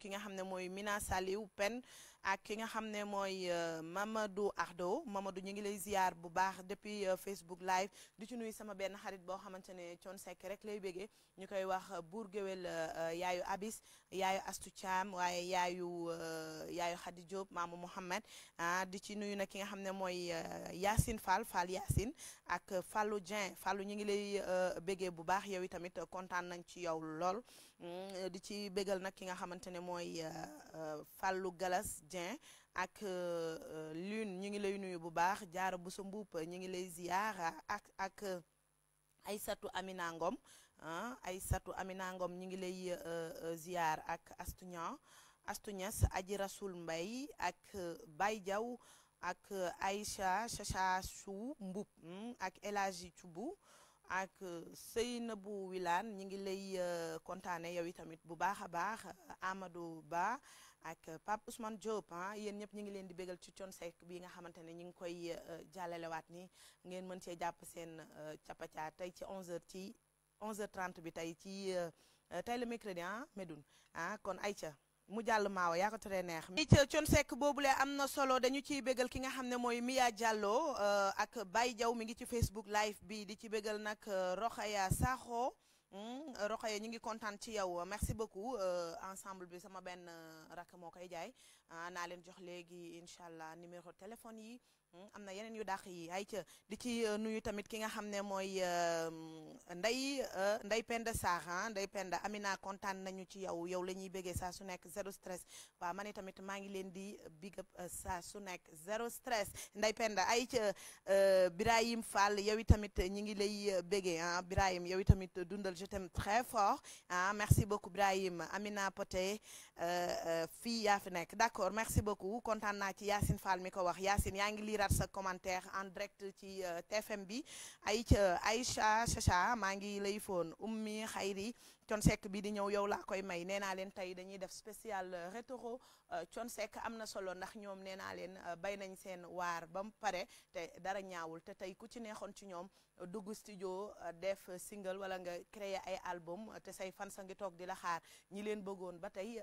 ki nga xam ne mooy Mina Saliou Penn ak ki nga xam ne mooy euh, Mamadou Ardo mamadu ñu ngi lay ziar bu baax depuis euh, Facebook live di ci nuyu sama benn xarit boo xamante ne Thione Seck rek lay bégee ñu koy wax euh, buur géwél yaayu Abis yaayu astu Thiam waaye yaayu yaayu Khady Diop maamu Mouhamed ah di ci nuyu nag ki nga xam ne mooy Yacine Fall Fall Yacine ak Fallou Dieng Fallou ñu ngi lay bégee bu baax yow itamit kontaan nañ ci yow lool mm, di ci béggal nag ki nga xamante ne mooy Fallou Galas. Dieng ak euh, euh, Lune ñu ngi lay nuyu bu baax Diarra Bousso Mboup ñu ngi lay ziar ak ak euh, Aysatu Amina Ngom Aysatu Amina Ngom ñu ngi lay ziar ak Astunian Astunias Aji Rasoul Mbay ak bay Diaw ak ay Aïcha Chacha Sou Mboup hmm, ak El Hadji Thioubou ak Seynabou Wilane ñu ngi lay kontaane yow itamit bu baax a baax Amadou Ba ak Pape Ousmane Diop ah yéen ñëpp ñu ngi leen di bégal ci Thione Seck bi nga xamante ne ñu ngi koy eh, jàllalewaat ni ngeen mën cee jàpp seen eh, capacaa tey ci 11h ci onze h 30 bi tey ci eh, tey le mercredi ah Medoune ah kon Aïcha mu jàll maawa yaa ko teree neex mi ci Thione boobu boobule am na solo dañu ciy bégal ki nga xam ne mooy Mia Diallo ak bay Diaw mi ngi ci Facebook live bi di ci bégal nag Rokhaya Sakho Hmm, Rokhaya ñu ngi kontaan ci yow merci beaucoup euh, ensemble bi sama benn euh, rak moo koy jaay Ah, na leen jox léegi incha allah numéro téléphone yi hmm, am na yeneen yu dàq yi ay di ci euh, nuyu tamit ki nga xam ne mooy nday euh, nday euh, Penda Sarr ah, nday Penda Amina kontaan nañu ci yow yow la ñuy bëggee saa su nekk zéro stress waaw man tamit maa ngi leen di bigga up saa su nekk zéro stress nday Penda ay ca Birahim Fall yow tamit ñi ngi lay bëggee ah Birahim yow tamit dundal je t'aime très fort ah merci beaucoup Birahim Amina Poté fii yaa fi nekk d'accord merci beaucoup kontaan naa ci Yacine Fall mi ko wax Yacine yaa ngi liiraat sa commentaire en direct ci euh, TFM bi ayca euh, ay Chacha maa ngi lay foon ummi xayri con sekk bi di ñëw yow laa koy may nee naa leen tey dañuy def spécial euh, rétro Euh, Thione Seck am na solo ndax ñoom nee naa leen euh, bay nañ seen waar ba mu pare te dara ñaawul te tey ku ci neexoon ci ñoom euh, dugg studio def single wala nga créer ay album te say fan sa ngi toog di la xaar ñi leen bëggoon ba tey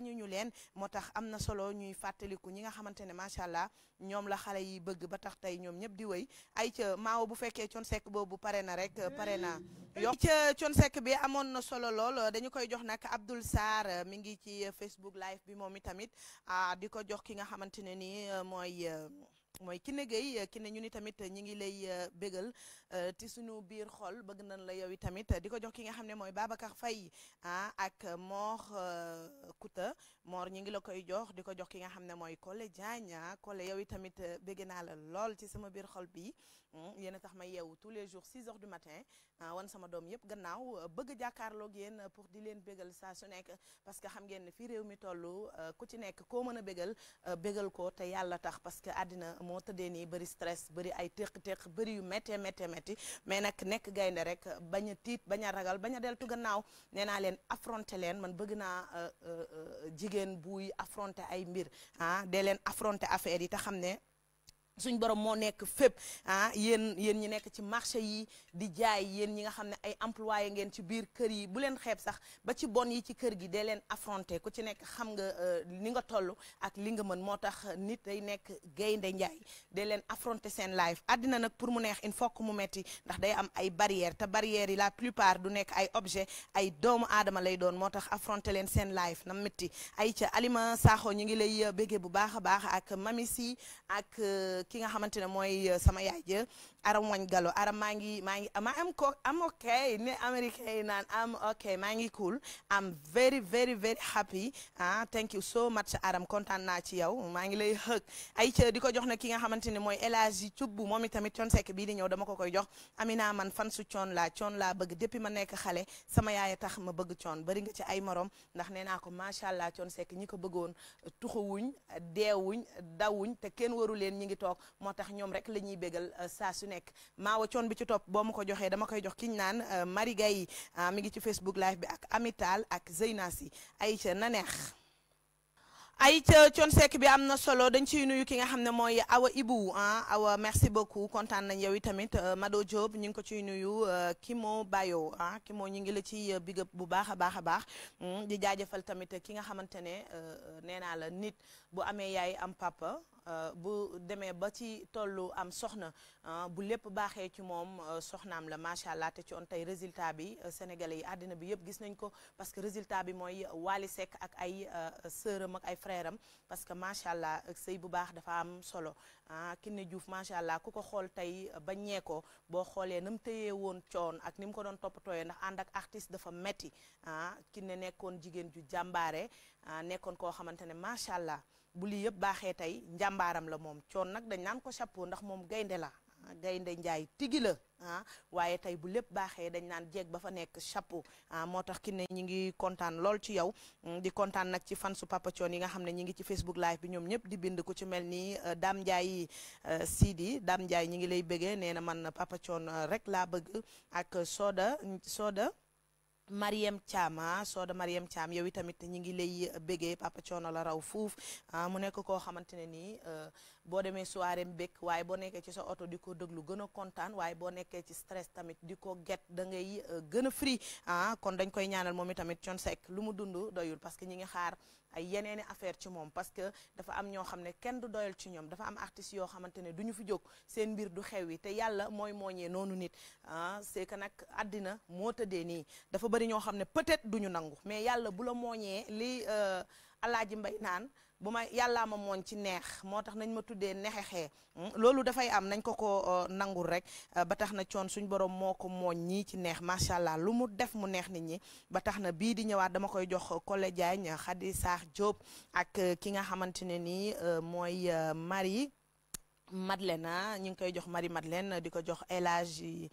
ñu leen moo tax am na solo ñuy fàttaliku ñi nga xamante ne macha allah ñoom la xale yi bëgg ba tax tey ñoom ñëpp di wéy ay ca maawo bu fekkee Thione Seck boobu pare na rek pare na yokk ca Thione bi amoon na solo lool dañu koy jox nag Abdoul Sarr mi ngi ci Facebook live bi moom itamit Ah, di ko jox ki nga xamante ne ni euh, mooy euh, mooy Kiné Gueye Kiné ñu ni tamit ñu ngi lay euh, bégal ci euh, suñu biir xol bëgg nañ la yow tamit di ko jox ki nga xam ne mooy Babacar Faye ah ak Mor euh, Kouta Mor ñu ngi la koy jox di ko jox ki nga xam ne mooy Kole Diagne Kole ah. yow tamit euh, bëgg naa la lool ci sama biir xol bi hmm, yéen a tax ma yeewu tous les jours six heures du matin ah, wan sama doom yëpp gannaaw bëgg jàkkaarloog yéen pour di leen béggal saa su nekk parce que xam ngeen ne fii réew mi tollu ku ci nekk koo mën a bégal bégal ko te yàlla tax parce que àddina moo tëddee nii bëri stress bëri ay téq-téq bëri yu méttee méttee méttee ti mais nag nekk gaynde rek euh, bañ a tiit bañ a ragal bañ a deltu gannaaw nee naa leen affronter leen man bëgg naa euh, euh, jigéen buy affronter ay mbir ah dee leen affronter affaire yi te xam ne suñ borom moo nekk fépp ah yéen yéen ñi nekk ci marché yi di jaay yéen ñi nga xam ne ay employé ngeen ci biir kër yi bu leen xeeb sax ba ci bon yi ci kër gi dee leen affronté ku ci nekk xam nga euh, ni nga toll ak li nga mën moo tax nit day nekk gaynde njaay dee leen affronté seen life àddina nag pour mu neex il faut que mu metti ndax day am ay barrières te barrières yi la plupart du nekk ay objet ay doomu adama lay doon moo tax affronté leen seen life na métti ay ca Alima Sakho ñu ngi lay euh, béggee bu baax a baax ak Mami Si ak euh, ki nga xamante ne mooy euh, sama yaay ja aram wañ galo aram maa ngi maa ngi ma am ko am ok ne américain yi naan am ok maa ngi cool am very very very happy ah thank you so much aram kontaan naa ci yow maa ngi lay xëg ay ca di ko jox na ki nga xamante ne mooy El Hadji Cubb moom itamit coon sekk bii di ñëw dama ko koy jox Amina man fan su coon laa coon laa bëgg depuis ma nekk xale sama yaay tax ma coon bari nga ci ay morom ndax nee naa ko macha allah coon sekk ñi ko bëggoon tuxuwuñ deewuñ dawuñ te kenn waru leen ñi ngi toog moo tax ñoom rek lañuy ñuy bégal eh, saa su nekk maawa coon bi ci topp boo ma ko joxee dama koy jox kiñ naan euh, Marie Gaye euh, mi ngi ci Facebook live bi ak Amital ak Zeynasi Aïcha na neex ay coon sekk bi am na solo dañ ciy nuyu ki nga xam ne mooy Awa Ibu ah Awa merci beaucoup kontaan nañ yow tamit euh, Mado Diop ñu ngi ko ciy nuyu Kimo Bayo ah, ki moo ñu ngi la ci big bu baax a baax a baax mm, di jaajëfal tamit ki nga xamante ne nee naa la nit bu amee yaay am papa Euh, bu demee ba ci tollu am soxna euh, bu lépp baaxee ci moom euh, soxnaam la macha allah te ci tey résultat bi sénégalais yi àddina bi yëpp gis nañ ko parce que résultat bi mooy Wally Seck ak ay sëram ak ay frère am parce que macha allah sëy bu baax dafa am solo ah Kiné Diouf macha allah ku ko xool tey ba ñee ko boo xoolee nam mu woon coon ak ni mu ko doon toppatooyee ndax ànd ak artiste dafa metti ah Kiné nekkoon jigéen ju jàmbaare ah, nekkoon koo xamante ne macha allah. bu lii yëpp baaxee tey njàmbaaram la moom coon nag dañ naan ko chapeau ndax moom gaynde la gaynde njaay tigi la ah, waaye tey bu lépp baaxee dañ naan jeeg ba fa nekk chapeau ah, moo tax ki ne ñi ngi kontaan lool ci yow mm, di kontaan nag ci fan su Papa Thione yi nga xam ne ñi ngi ci Facebook live bi ñoom ñëpp di bind ku ci mel ni euh, Dame Ndiaye euh, Sidi Dame Ndiaye ñi ngi lay bëggee nee na man Papa Thione euh, rek laa bëgg ak Soda Soda Mariam caama ah, Soda Mariam Thiam yow itamit ñu ngi lay bégee Papa Coono la raw fuuf ah, mu nekk koo xamante ne nii euh, boo demee soirée mbékk waaye boo nekkee ci sa oto di ko déglu gën a kontaan waaye boo nekkee ci stress tamit di ko get da ngay euh, gën a free ah kon dañ koy ñaanal moom i tamit Thione Seck lu mu dund doyul parce que ñi ngi xaar ay yeneeni affaire ci moom parce que dafa am ñoo xam ne kenn du doyal ci ñoom dafa am artistes yoo xamante ne du ñu fi jóg seen mbir du xew yi te yàlla mooy mooñee noonu nit ah c'est que nag àddina moo tëddee nii dafa bëri ñoo xam ne peut-être du ñu nangu mais yàlla bu la mooñee li euh, Alaaji Mbay naan bu ma yàllaa ma mooñ ci neex moo tax nañ ma tuddee nexexee hmm, loolu dafay am nañ ko ko euh, nangul rek euh, ba tax na coon suñ borom moo ko mooñ ñii ci neex macha allah lu mu def mu neex nit ñi ba tax na bii di ñëwaat dama koy jox Collé Diagne xadi saax Diop ak euh, ki nga xamante ne nii mooy Marie Madeleine ñu ngi koy jox Marie Madeleine di ko jox El Hadji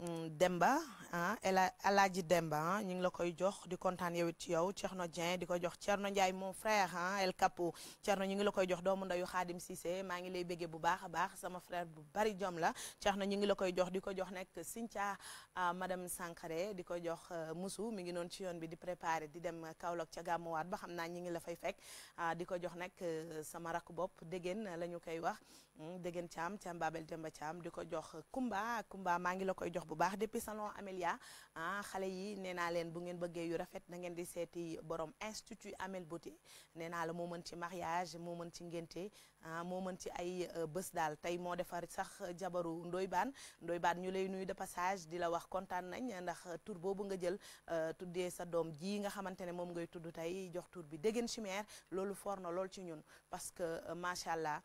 Mm, Demba ah El Hadji Demba ah, ñu ngi la koy jox di kontaan yow ci yow Thierno Dieng di ko jox Thierno Ndiaye mon frère ah El Capo Thierno ñu ngi la koy jox doomu ndayu Xaadim Cissé maa ngi lay béggee bu baax a baax sama frère bu bari jom la Thierno ñu ngi la koy jox di ko jox nekk Sinthia ah, madame Sankaré di ko jox euh, Moussou mi ngi noonu ci yoon bi di préparé di dem Kaolack ca gàmmuwaat ba xam naa ñu ngi la fay fekk ah, di ko jox nekk euh, sama rakk bopp déggéen la ñu koy wax Mm, dëggeen Thiam Thiam Babel Demba Thiam di ko jox Kumba Kumba maa ngi la koy jox bu baax depuis salon Amelia ah xale yi nee naa leen bu ngeen bëggee yu rafet na ngeen di seeti borom institut Amel Beauté nee naa la moo mën ci mariage moo mën ci ngénte ah moo mën ci ay euh, bés daal tey moo defar sax jabaru Ndoye Bane Ndoye Bane ñu lay nuyu de passage di la wax kontaan nañ ndax euh, tur boobu nga jël euh, tuddee sa doom ji nga xamante ne moom ngay tudd tey jox tur bi Déguène Chimère loolu for na lool ci ñun parce que macha allah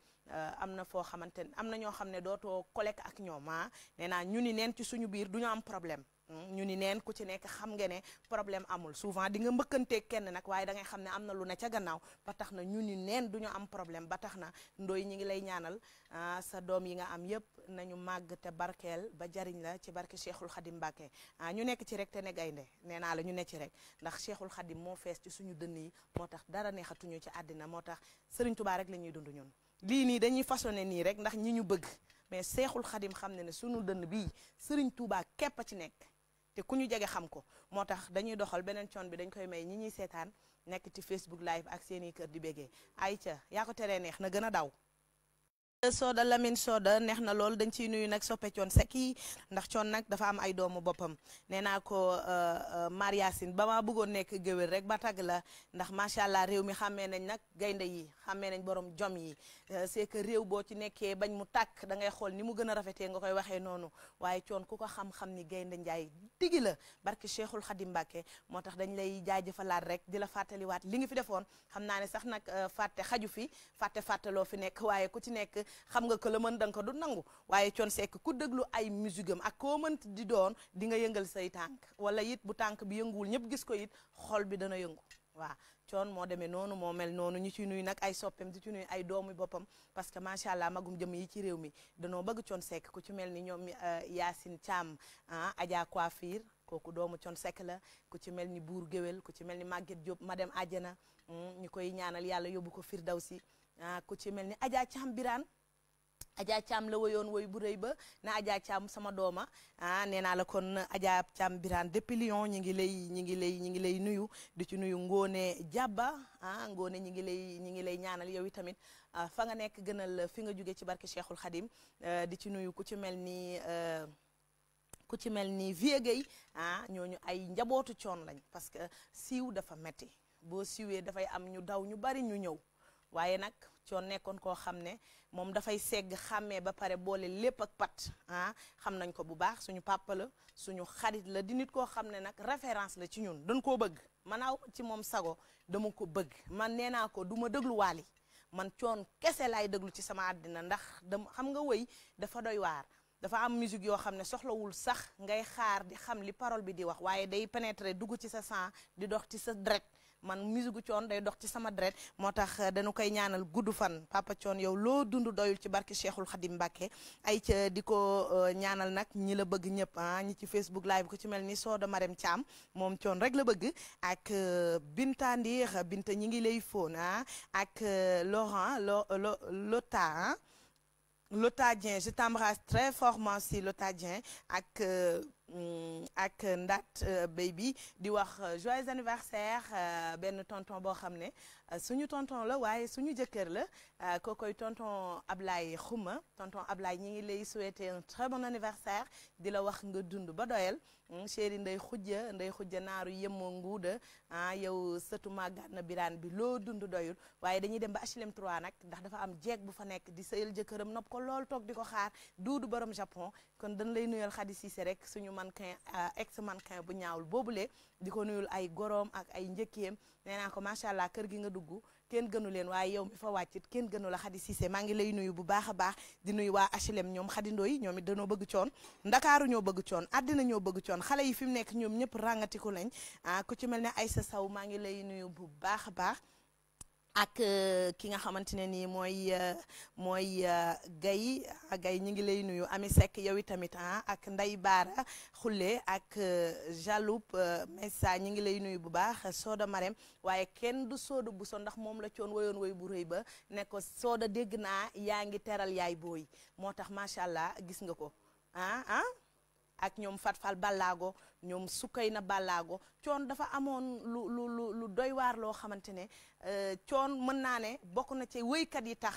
am na foo xamante am na ñoo xam ne dootoo collègue ak ñoom ah nee naa ñu ni neen ci suñu biir du ñu am problème. ñu ni neen ku ci nekk xam nga ne problème amul souvent di nga mbëkkantee kenn nag waaye da ngay xam ne am na lu ne ca gannaaw ba tax na ñu ni neen du ñu am problème ba tax na ndoy ñi ngi lay ñaanal ah, sa doom yi nga am yëpp nañu màgg te barkeel ba jariñ la ci barke Cheikhul Khadim Mbacke ah, ñu nekk ci rek te ne gaynde nee naa la ñu ne ci rek ndax Cheikhul Khadim moo fees ci suñu dënn yi moo tax dara neexatuñu ci àddina moo tax Serigne Touba rek la ñuy dund ñun lii nii dañuy façonné nii rek ndax ñi ñu bëgg mais Cheikhul Khadim xam ne ne suñu dënn bii Serigne Touba képp a ci nekk te ku ñu jege xam ko moo tax dañuy doxal beneen coon bi dañ koy may ñi ñuy seetaan nekk ci Facebook live ak seeni kër di ay ca yaa ko teree neex na gën a daw Soda Lamine Soda neex na lool dañ ciy nuyu nag soppe coon sekk ndax coon nag dafa am ay doomu boppam nee naa ko euh, euh, Mariasine ba ma bëggoon nekk géwél rek ba tagg la ndax macha allah réew mi xàmmee nañ nag gaynde yi xàmmee nañ boroom jom yi euh, c'est que réew boo ci nekkee bañ mu tàkk da ngay xool ni mu gën a rafetee nga koy waxee noonu waaye coon ku ko xam-xam ni gaynde njaay digi la barke Cheikhul Khadim Mbacke moo tax dañ lay jaajëfalaat rek di la fàttaliwaat li nga fi defoon xam nga que la mën da ko du nangu waaye Thione sekk ku déglu ay musigam ak koo mënti di doon di nga yëngal say tànk wala it bu tànk bi yënguwul ñëpp gis ko it xol bi dana yëngu waaw coon moo demee noonu moo mel noonu ñu ci nuy nag ay soppeem di ci nuy ay doomu boppam parce que macha allah magum jëm yi ci réew mi danoo bëgg Thione sekk ku ci mel ni ñoom euh, Yacine Thiam ah Adja Coiffure kooku doomu Thione sekk la ku ci mel ni Buur Géwél ku ci mel ni Maguette Diop madame Adjana mm, ñu koy ñaanal yàlla yóbbu ko Firdawsi ah ku ajaa caam la woyoon woy bu rëy ba na Adja Thiam sama dooma ah nee naa la kon Adja Thiam Birane depuis Lyon ñu ngi lay ñu ngi lay ñu ngi lay nuyu di ci nuyu Ngone Jàbba ah Ngone ñu ngi lay ñu ngi lay ñaanal yow tamit ah, fa nga nekk gënal fi nga jóge ci barke Cheikhul Khadim eh, di ci nuyu ku ci mel ni eh, ku ci mel ni Vieux Guèye ah ñooñu ay njabootu coon lañ parce que siiw dafa metti boo siiwee dafay am ñu daw ñu bari ñu ñëw waaye nag coon nekkoon koo xam ne moom dafay segg xàmmee ba pare boole lépp ak pat ah xam nañ ko bu baax suñu papa suñu xarit la di nit koo xam ne nag référence la ci ñun dañ koo bëgg manaaw ci moom sago dama ko bëgg man nee naa ko duma ma déglu man coon kese laay déglu ci sama àddina ndax dama xam nga woy dafa doy waar dafa am musique yoo xam ne soxlawul sax ngay xaar di xam li parole bi di wax waaye day pénétrer dugg ci sa sang di dox ci sa dret man musigu coon day dox ci sama deret moo tax euh, dañu koy ñaanal gudd fan papa coon yow loo dund doyul ci barki Cheikhul Khadim Mbacke ay ca di ko euh, ñaanal nag ñi la bëgg ñëpp ah ñi ci Facebook live ku ci mel ni Soda Marem Thiam moom coon rek la bëgg ak euh, Binta Ndiir Binta ñi ngi lay fóon ah ak Laurent lo lo Lota ah Lota Dieng je t'embrasse très fortement si Lota Dieng ak Mm, ak Ndat euh, Baby di wax euh, joyeux anniversaire euh, benn tonton boo xam ne Euh, suñu tonton la waaye suñu jëkkër la euh, koy tonton Ablaye Xuma tonton Ablaye ñi ngi lay souhaiter un très bon anniversaire di la wax nga dund ba doyal hmm, chéri nday xujja nday xujja naaru yemoo nguuda ah yow sëtu màggaan biraan bi loo dund doyul waaye dañuy dem ba HLM 3 nag ndax dafa am jeeg bu fa nekk di sëyal jëkkëram nopp ko lool toog di ko xaar duudu borom Japon kon dañ lay nuyal Khady Cissé rek suñu mannequin euh, ex mannequin bu ñaawul boobu le di ko nuyul ay goroom ak ay njëkkeem nee naa dugg kenn gënu leen waaye yow mi fa wàccit kenn gënu la Khady Cissé maa ngi lay nuyu bu baax a baax di nuyu waa HLM ñoom Khady Ndoye ñoom it danoo bëgg coon ndakaaru ñoo bëgg coon àddina ñoo bëgg coon xale yi fi mu nekk ñoom ñëpp ràngatiku lañ ah ku ci mel ne Aïssa Sow maa ngi lay nuyu bu baax a baax ak euh, ki nga xamante ne nii mooy euh, mooy gay euh, gay ah, ñu ngi lay nuyu Ami Seck yow itamit ah ak Ndey Baara xule ak Jaloub Messa ñu ngi lay nuyu bu baax Sooda Marème waaye kenn du Sooda bu so ndax moom la coon woyoon woy bu rëy ba ne ko Sooda dégg naa yaa ngi teral yaay booy moo tax macha allah gis nga ko ah, ah? ak ñoom Fat Ballaago ñoom na Bàllaago coon dafa amoon lu lu lu lu doy waar loo xamante ne euh, coon mën naa ne bokk na ci wéykat yi tax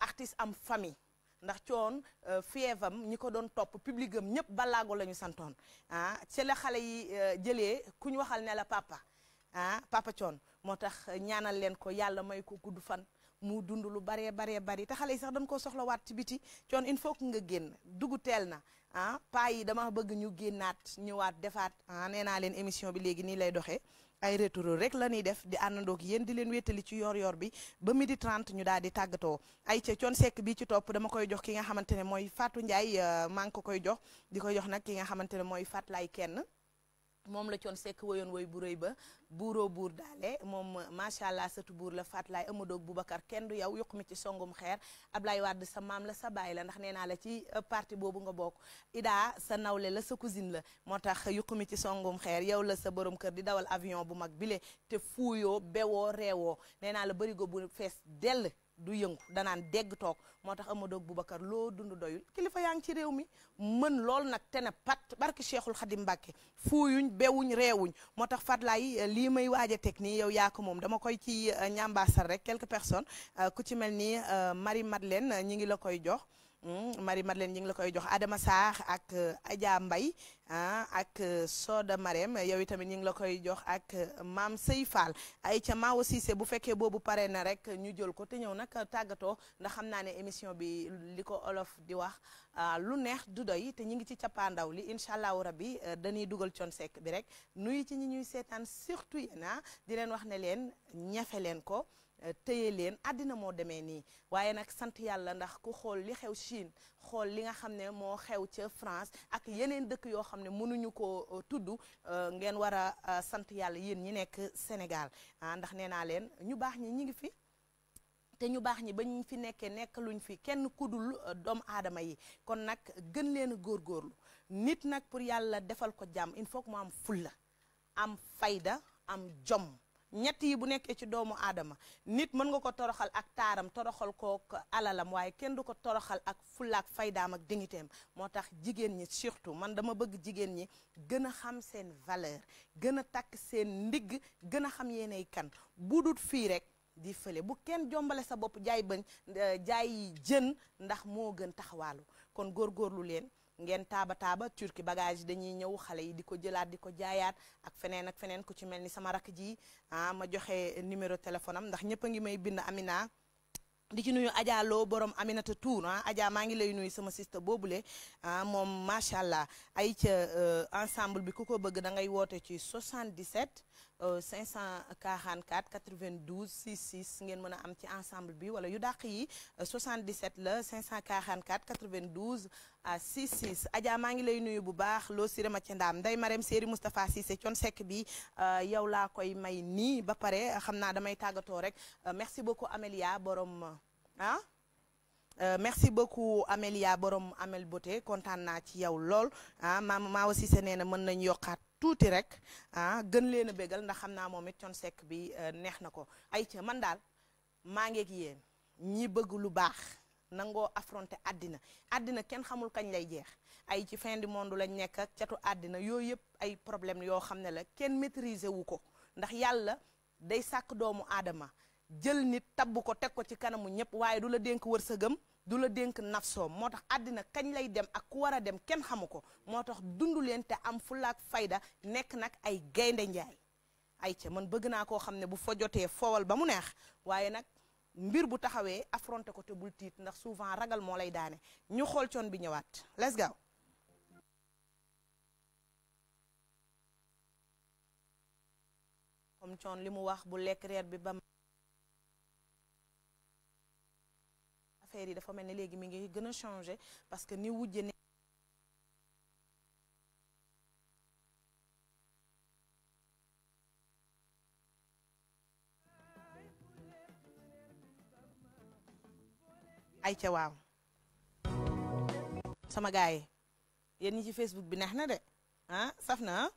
artiste am famille ndax coon euh, fievam ñi ko doon topp public am ñëpp Bàllaago la ñu santoon ah ci la xale yi euh, jëlee ku ñu waxal ne la papa ah papa coon moo tax ñaanal leen ko yàlla may ko gudd fan mu dund lu baree baree bari te xale yi sax dañ koo soxlawaat ci biti coon il faut que nga génn dugg teel na ah paa yi dama bëgg ñu génnaat ñëwaat defaat ah nee naa leen émission bi léegi nii lay doxee ay retour rek la ñuy def di àndandoog yéen di leen wétali ci yor yoor bi ba midi 30 ñu daal di tàggatoo ay ca coon sekk bi ci topp dama koy jox ki nga xamante ne mooy Fatou Ndiaye euh, maa ko koy jox di koy jox nag ki nga xamante ne mooy Fatou kenn. moom la coon sekk woyoon woy bu rëy ba buuroo buur daale moom macha allah sëtu buur la fatlaay amadoog Boubacar kenn du yow yuq mi ci songum xeer ab Ablaye Wade sa maam la sa baay la ndax nee naa la ci euh, parti boobu nga bokk Ida sa nawle la sa cousine la moo tax yuq mi ci songum xeer yow la sa borom kër di dawal avion bu mag bile te fuuyoo bewoo reewoo nee naa la bërigo bu fees dell du yëngu danaan dégg toog moo tax Amadou Boubacar loo dund doyul kilifa yaa ngi ci réew mi mën lool nag te ne pat barki Cheikhul Khadim Mbacke fuuyuñ bewuñ reewuñ moo tax Fatlaay eh, lii may waaj a teg nii yow yaa ko moom dama koy ci eh, ñambaasal rek quelque personnes eh, ku ci mel ni Marie Madeleine ñi ngi la koy jox Hmm, Marie Madeleine ñu ngi la koy jox Adama Sarr ak euh, Adja Mbaye ah ak euh, Soda Marème yow itamit ñu ngi la koy jox ak euh, Maam sëy Fall ay ca Mawa Cissé bu fekkee boobu pare na rek ñu jël ko te ñëw nag tàggatoo ndax xam naa ne émission bi li ko olof di wax ah, lu neex du doy te ñu ngi ci cappaandaw li incha allahu rabbi dañuy dugal coon sekk bi rek nuy ci ñi ñuy seetaan surtout yéen ah, di leen wax ne leen ñafe leen ko. Euh, téye leen àddina moo demee nii waaye nag sant yàlla ndax ku xool li xew Chine xool li nga xam ne moo xew ca France ak yeneen dëkk yoo xam ne mënuñu ko euh, tudd euh, ngeen war a sant yàlla yéen ñi nekk Sénégal ah ndax nee naa leen ñu baax ñi ñi ngi fi te ñu baax ñi ba ñu fi nekkee nekk luñ fi kenn kudul doomu aadama yi kon nag gën leen góor góorlu nit nag pour yàlla defal ko jàmm il faut que mu am fulla am fayda am jomm ñett yi bu nekkee ci doomu aadama nit mën nga ko toroxal ak taaram toroxal ko alalam waaye kenn du ko toroxal ak fullaak faydaam ak digniteem moo tax jigéen ñi surtout man dama bëgg jigéen ñi gën a xam seen valeur gën a takk seen ndigg gën a xam yéenay kan bu fii rek di fële bu kenn jombale sa bopp jaay bañ eh, jaay jën ndax moo gën taxawaalu kon góor góorlu leen ngeen taaba taaba turki bagage dañuy ñëw xale yi di ko jëlaat di ko jaayaat ak feneen ak feneen ku ci mel ni sama rakk ji ah ma joxe numéro téléphone am ndax ñëpp a ngi may bind Amina. di ci nuyu Adja Lo borom Aminata Tour ah Adja maa ngi lay nuyu sama sista boobule ah moom macha allah ay ca euh, ensemble bi ku ko bëgg da ngay woote ci 77 544 92 66 ngeen mën a am ci ensemble bi wala yu dàq yi 77 euh, la 544 92 à 66 Adja maa ngi lay nuyu bu baax loo si rema ci ndaam Ndeye Marème Séri Moustapha Cissé Thione Seck bi euh, yow laa koy may nii ba pare xam naa damay tàggatoo rek euh, merci beaucoup Amélia borom ah Euh, merci beaucoup Amélia Borom Amel Beauté kontaan naa ci yow lool ah maam maa aussi mën nañu yokkaat tuuti rek ah gën leen a bégal ndax xam naa moom it Thione Seck bi euh, neex na ko ay ca man daal maa ngeeg yéen ñi bëgg lu baax nangoo affronter àddina àddina kenn xamul kañ lay jeex ay ci fin du monde lañ nekk ak catu àddina yooyu yëpp ay problème yoo xam ne la kenn maîtriser wu ko ndax yàlla day sàkk doomu aadama jël nit tabb ko teg ko ci kanamu ñëpp waaye du la dénk wër wërsëgam du la dénk nafsoom moo tax àddina kañ lay dem ak ku war a dem kenn xamu ko moo tax dund leen te am fulaak fayda nekk nag ay gaynde njaay ay ca man bëgg naa koo xam ne bu fa jotee fowal ba mu neex waaye nag mbir bu taxawee affronté ko te bul tiit ndax souvent ragal moo lay daane ñu xool coon bi ñëwaat let's go comme coon li mu wax bu lekk reer bi ba affaire yi dafa mel ni léegi mi ngi gën a changé parce que ni wujje ne ay ca waaw sama gars yi yéen ñi ci Facebook bi neex na de ah saf na ah?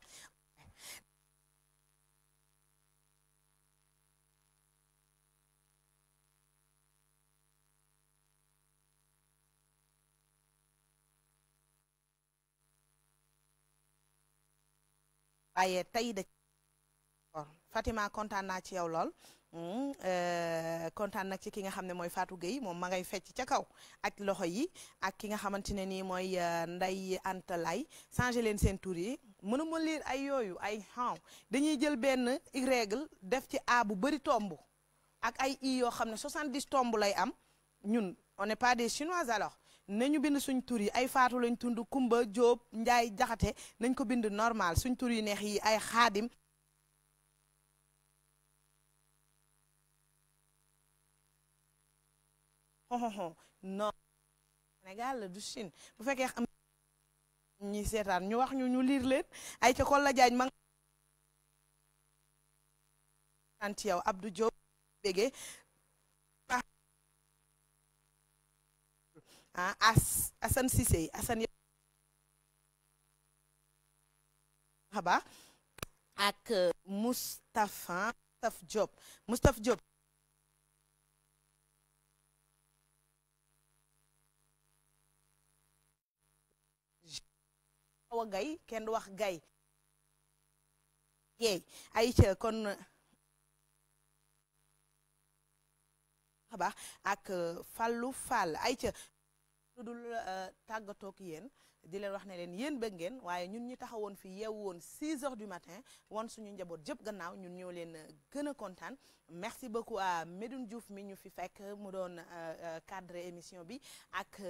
waaye tey da Fatima kontaan naa ci yow lool hmm, euh, kontaan nag ci ki nga xam ne mooy Fatou Gueye moom ma ngay fecc ca kaw ak loxo yi ak ki nga xamante ne nii mooy euh, Ndeye Anta Lay changé leen seen tur yi mënu ma ay yooyu ay xaw dañuy jël benn règle def ci a bu bëri tomb ak ay i yoo xam ne dix tomb lay am ñun on n'est pas des chinois alors ñu bind suñ tur yi ay faatu lañ tund kumba jóob njaay jaxate nañ ko bind normal suñ turi yu neex yi ay xaadim xoxoxo non Sénégal la du Chine bu fekkee ñi seetaan ñu wax ñu ñu liir leen ay ca Kolla Jaañ ma nga ci yow Abdou Diop ah as Assane Cissé Assane xaba ak euh, Moustapha Moustapha Diop Moustapha Diop awa gay kenn wax gay yeey ay kon xaba euh, ak euh, Fallou Fall ay ca lu dul euh, tàggatoo ak yéen di leen wax ne leen yéen bëgg ngeen waaye ñun ñi taxawoon fi yeewu woon 6 heures du matin wan suñu njaboot jëpp gannaaw ñun ñoo leen euh, gën a kontaan merci beaucoup à Diouf mi ñu fi fekk mu doon euh, cadre émission bi ak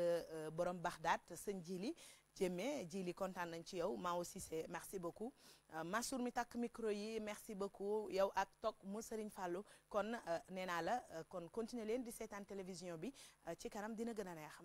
borom Baxdaat sëñ Jili Jémé Jili kontaan nañ ci yow Mao Cissé merci beaucoup Massour mi takk micro yi merci beaucoup yow ak toog mu Serigne Fallou kon nee naa la kon continuer leen di seetaan télévision bi ci kanam dina gën a neex.